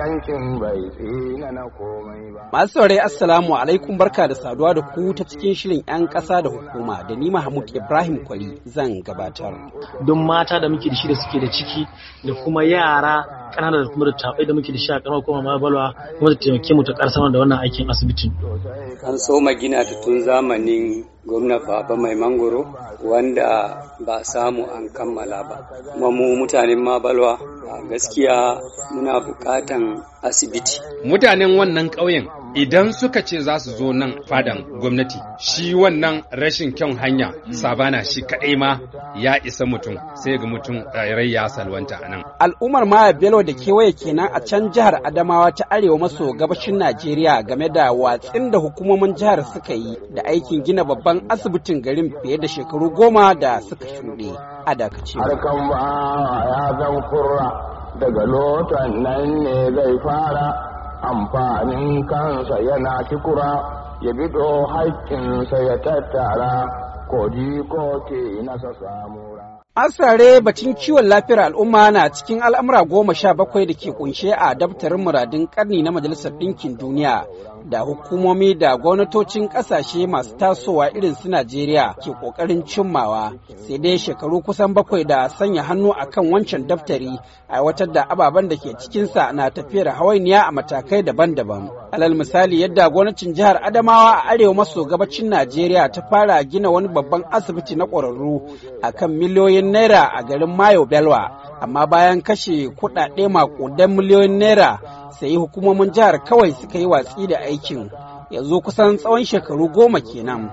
yankin bai tsina na komai ba. Masu saurari Assalamu alaikum barka da saduwa da ku ta cikin shirin 'yan ƙasa da hukuma da ni Mahmud Ibrahim Kwari zan gabatar. Don mata da muke da shi da suke da ciki da kuma yara ƙanana da kuma da da muke da shi a ƙaramar kuma ma balwa kuma ta taimake mu ta ƙarsama da wannan aikin asibitin. An so gina ta tun zamanin gwamna baba mai mangoro wanda ba samu an kammala ba kuma mu mutanen mabalwa gaskiya muna bukatan asibiti mutanen wannan ƙauyen idan suka ce za su zo nan fadan gwamnati shi wannan rashin kyan hanya sabana shi kaɗai ma ya isa mutum sai ga mutum eh, rai ya salwanta a nan. Al'ummar Maya Bello da kewaye kenan a can jihar Adamawa ta arewa maso gabashin Najeriya game da watsin da hukumomin jihar suka yi da aikin gina babban asibitin garin fiye da shekaru goma da suka shuɗe a dakaci. daga lotan nan ne zai fara amfanin kansa yana kikura ya bido haƙƙinsa ya tattara kodi ko ke nasa samura. Asare bacin kiwon lafiyar al'umma na cikin al'amura goma sha bakwai da ke kunshe a daftarin muradin ƙarni na Majalisar Ɗinkin Duniya da hukumomi da gwamnatocin kasashe masu tasowa irin su Najeriya ke ƙoƙarin cimmawa sai dai shekaru kusan bakwai da sanya hannu a kan wancan daftari aiwatar da ababen da ke cikinsa na tafiyar hawainiya a matakai daban-daban. Alal misali yadda gwamnatin jihar Adamawa a arewa maso gabacin Najeriya ta fara gina wani babban asibiti na ƙwararru a kan miliyoyin naira a garin Mayo Belwa amma bayan kashe kuɗaɗe maƙudan miliyoyin naira sai hukumomin jihar kawai suka yi watsi da aikin yanzu kusan tsawon shekaru goma kenan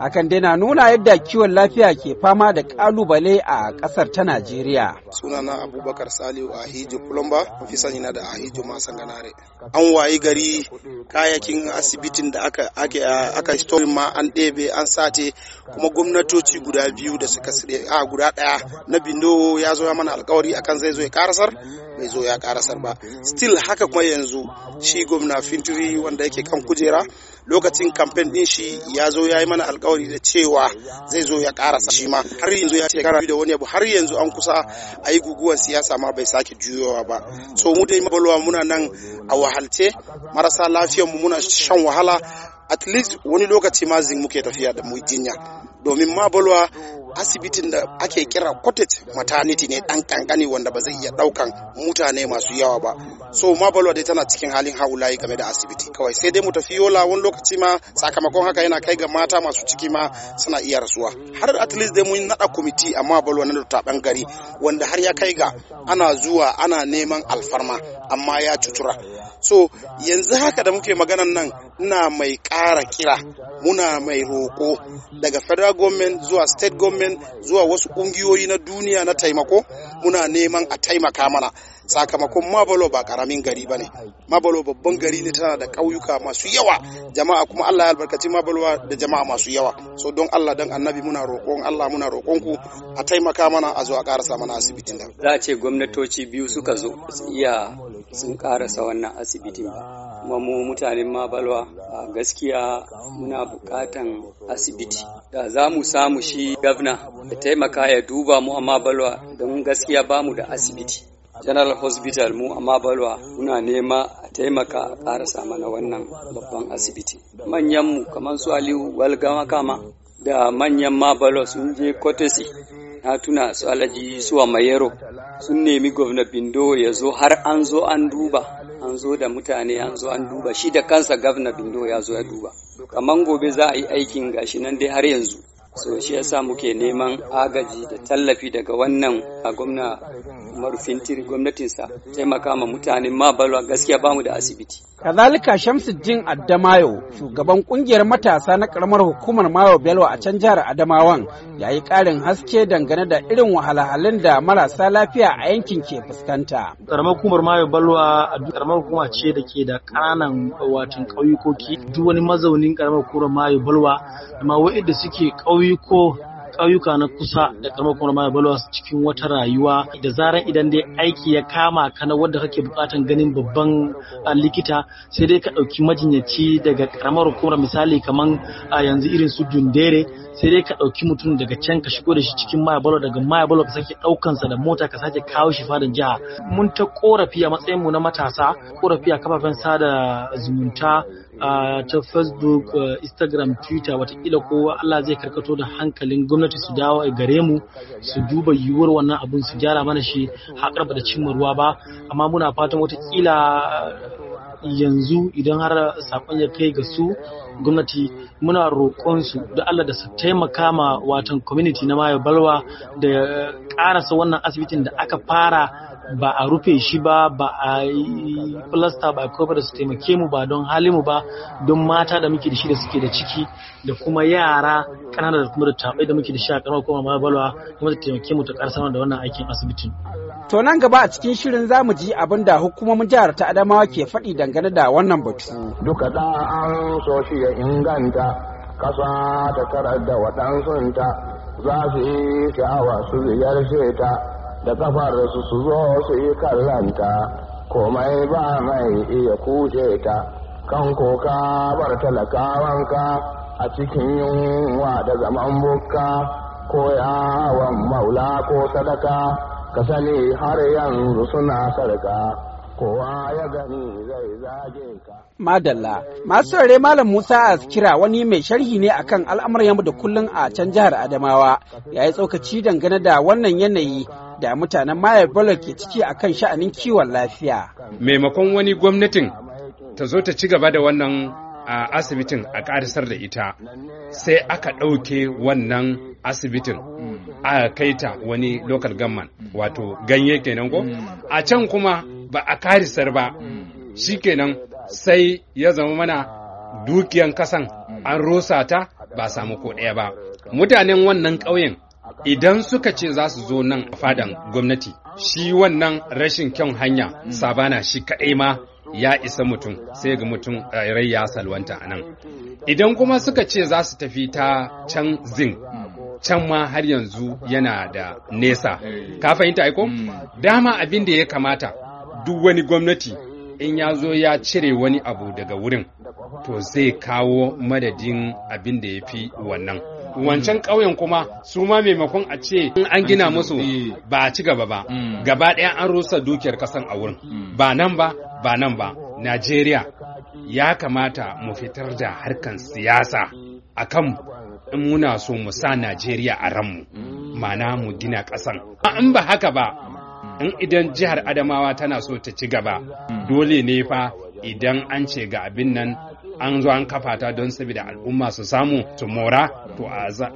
hakan dai na nuna yadda kiwon lafiya ke fama da kalubale a kasar ta najeriya sunana abubakar saliu ahijo plumba fi sani na da ahijo masanganare an wayi gari kayakin asibitin da aka ake aka story ma an ɗebe an sace kuma gwamnatoci guda biyu da suka sire a guda ɗaya na bindo ya zo ya mana alkawari akan zai zo ya karasar bai zo ya karasar ba still haka kuma yanzu shi gwamna fintiri wanda yake kan kujera lokacin kamfen din shi ya zo ya yi mana alkawari da cewa zai zo ya ƙara shi ma har yanzu ya shekara da wani abu har yanzu an kusa a yi guguwan siyasa ma bai sake juyowa ba so mu dai mabalwa muna nan a wahalce marasa mu muna shan wahala at least wani lokaci ma zin muke tafiya da mu jinya domin ma bolwa asibitin da ake kira cottage maternity ne dan kankani wanda ba zai iya daukan mutane masu yawa ba so ma bolwa dai tana cikin halin haulayi game da asibiti kawai sai dai mu tafi yola wani lokaci ma sakamakon haka yana kai ga mata masu ciki ma suna iya rasuwa har at least dai mun nada kwamiti amma bolwa na ta gari wanda har ya kai ga ana zuwa ana neman alfarma amma ya cutura so yanzu haka da muke maganan nan ina mai ƙara kira muna mai roƙo daga federal government zuwa state government zuwa wasu ƙungiyoyi na duniya na taimako muna neman a taimaka mana sakamakon mabalo ba karamin gari ba ne mabalo babban gari ne tana da ƙauyuka masu yawa jama'a kuma allah ya albarkaci mabalo da jama'a masu yawa so don allah don annabi muna roƙon allah muna roƙon ku a taimaka mana a zo a ƙarasa mana asibitin da za a ce gwamnatoci biyu suka zo iya sun ƙarasa wannan asibitin ba kuma mu mutanen mabalwa a gaskiya muna bukatan asibiti da za mu samu shi gavna da taimaka ya duba mu a mabalwa don gaskiya bamu da asibiti general hospital mu a balwa muna nema a taimaka a karasa mana wannan babban asibiti mu kamar su aliyu walgama kama da manyan mabalo sun je kotesi na tuna su alaji suwa mayero sun nemi gwamna bindo ya zo har an zo an duba an zo da mutane an zo an duba shi da kansa gwamna bindo ya zo ya duba kamar gobe za a yi aikin gashi nan dai har yanzu so shi yasa muke neman agaji da tallafi daga wannan a gwamna marufintiri gwamnatinsa taimaka ma mutanen balwa gaskiya ba mu da asibiti kazalika shamsuddin Adamayo, shugaban kungiyar matasa na karamar hukumar mayo belwa a can jihar adamawan ya yi karin haske dangane da irin wahalhalun da marasa lafiya a yankin ke fuskanta karamar hukumar mayo belwa karamar hukuma ce da ke da ƙananan watan ƙauyukoki duk wani mazaunin karamar hukumar mayo belwa da ma wa'inda suke ƙauye ƙauyuko ƙauyuka na kusa da karamar kuma balwas cikin wata rayuwa da zaran idan dai aiki ya kama ka na wanda kake bukatan ganin babban likita sai dai ka ɗauki majinyaci daga karamar hukumar misali kamar a yanzu irin su dundere sai dai ka ɗauki mutum daga can ka shigo da shi cikin maya balwa daga maya balwa ka sake ɗaukansa da mota ka sake kawo shi fadan jiha mun ta korafi a matsayin mu na matasa korafi a kafafen sada zumunta ta facebook instagram twitter watakila kowa allah zai karkato da hankalin gwamnati su dawo a gare mu su duba yiwuwar wannan abun su gyara mana shi haƙar ba da cimma ruwa ba amma muna fatan watakila yanzu idan har sakon ya kai ga su gwamnati muna roƙon su da Allah da su taimaka ma watan community na mayo balwa da ƙarasa wannan asibitin da aka fara ba a rufe shi ba ba a yi plasta ba ko da su taimake mu ba don mu ba don mata da muke da shi da suke da ciki da kuma yara kanana da kuma da tabai da muke da shi a karamar kuma ma balwa kuma da taimake mu ta karsa da wannan aikin asibitin to nan gaba a cikin shirin za mu ji abin da hukumomin jihar ta Adamawa ke faɗi dangane da wannan batu duka da an so shi ya inganta kasa ta karar da ta za su yi sha'awa su ziyarce ta da kafar su su zo su yi kallanta komai ba mai iya kushe ta kan koka bar talakawanka a cikin yunwa da zaman bukka ko yawon maula ko sadaka ka sani har yanzu suna sarka kowa ya gani zai zage ka. Madalla, masu rare Malam Musa askira wani mai sharhi ne akan al'amuran yamu da kullun a can jihar Adamawa, yayi tsokaci dangane da wannan yanayi da mutanen Maya Bello ke ciki a kan sha'anin kiwon lafiya. Maimakon wani gwamnatin ta zo ta ci gaba da wannan a asibitin a ƙarisar da ita sai aka ɗauke wannan asibitin mm. a kai ta wani local government wato ganye kenan ko mm. a can kuma ba a karisar ba mm. shi kenan sai ya zama mana dukiyan kasan an rusa ta ba samu ko ɗaya ba mutanen wannan ƙauyen idan suka ce za su zo nan a fadan gwamnati shi wannan rashin kyan hanya sabana shi kaɗai ma ya isa mutum sai ga mutum eh, rai ya salwanta a nan idan kuma suka ce za su tafi ta can zin can ma har yanzu yana da nesa ka fahimta aiko mm. dama abin da ya kamata duk wani gwamnati in ya zo ya cire wani abu daga wurin to zai kawo madadin abin da ya fi wannan wancan ƙauyen kuma su ma maimakon a ce an gina musu ba a ci gaba ba mm. gaba ɗaya an rusa dukiyar ƙasan a wurin mm. ba nan ba ba nan ba najeriya ya kamata mu fitar da harkan siyasa a kan in muna so mu sa najeriya a ranmu mana mm. mu gina ƙasan in ba haka ba in idan jihar adamawa tana so ta ci gaba dole ne fa idan an ce ga abin nan an zo an kafa ta don saboda al'umma su samu su mora to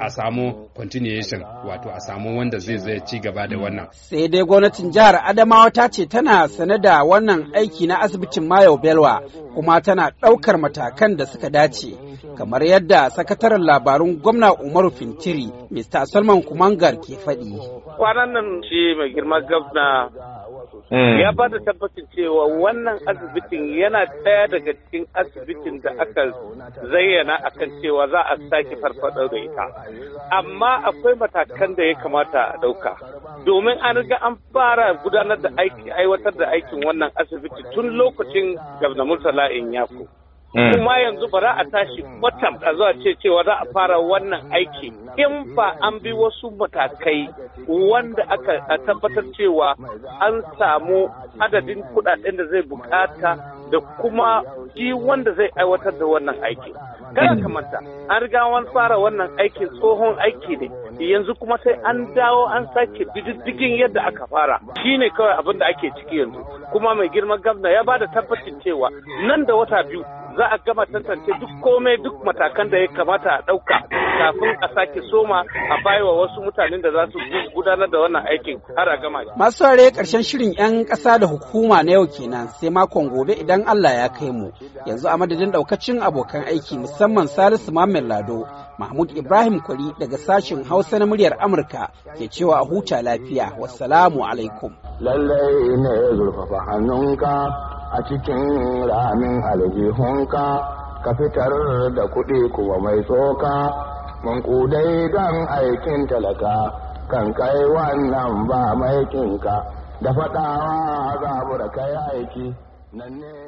a samu continuation wato a samu wanda zai zai ci gaba da wannan sai dai gwamnatin jihar adamawa ta ce tana sane da wannan aiki na asibitin mayo belwa kuma tana ɗaukar matakan da suka dace kamar yadda sakataren labarun gwamna umaru fintiri mr salman kumangar ke faɗi kwanan nan shi mai girma gwamna Eh. ya ba da tabbacin cewa wannan asibitin yana ɗaya daga cikin asibitin da aka zayyana akan cewa za a sake farfaɗo da ita amma akwai matakan da ya kamata a ɗauka domin an riga an fara gudanar da aiki aiwatar da aikin wannan asibiti tun lokacin gabna murtala in yako Mm. kuma yanzu ba za a tashi mm. kwatam a zuwa ce cewa za a fara wannan aiki in ba an bi wasu matakai wanda aka tabbatar cewa an samu adadin kudaden da zai bukata da kuma shi wanda zai aiwatar da wannan aiki kada mm. ka an riga wani fara wannan aikin tsohon aiki ne yanzu kuma sai an dawo an sake bididdigin yadda aka fara Shi ne kawai abin da ake ciki yanzu kuma mai girman gamna ya ba da tabbacin cewa nan da wata biyu za a gama tantance duk komai duk matakan da ya kamata a ɗauka kafin a sake soma a baiwa wasu mutanen da za su gudanar da wannan aikin har a gama. Masu saurare ƙarshen shirin 'yan ƙasa da hukuma na yau kenan sai makon gobe idan Allah ya kai mu. Yanzu a madadin ɗaukacin abokan aiki musamman Salisu Mamman Lado, Mahmud Ibrahim Kwari daga sashen Hausa na muryar Amurka ke cewa a huta lafiya. Wassalamu alaikum. Lallai ne zurfafa hannunka a cikin ramin aljihunka ka fitar da kuɗi kuma mai tsoka kudai don aikin talaka kan kai wannan ba maikinka da faɗawa zabura kai aiki nan ne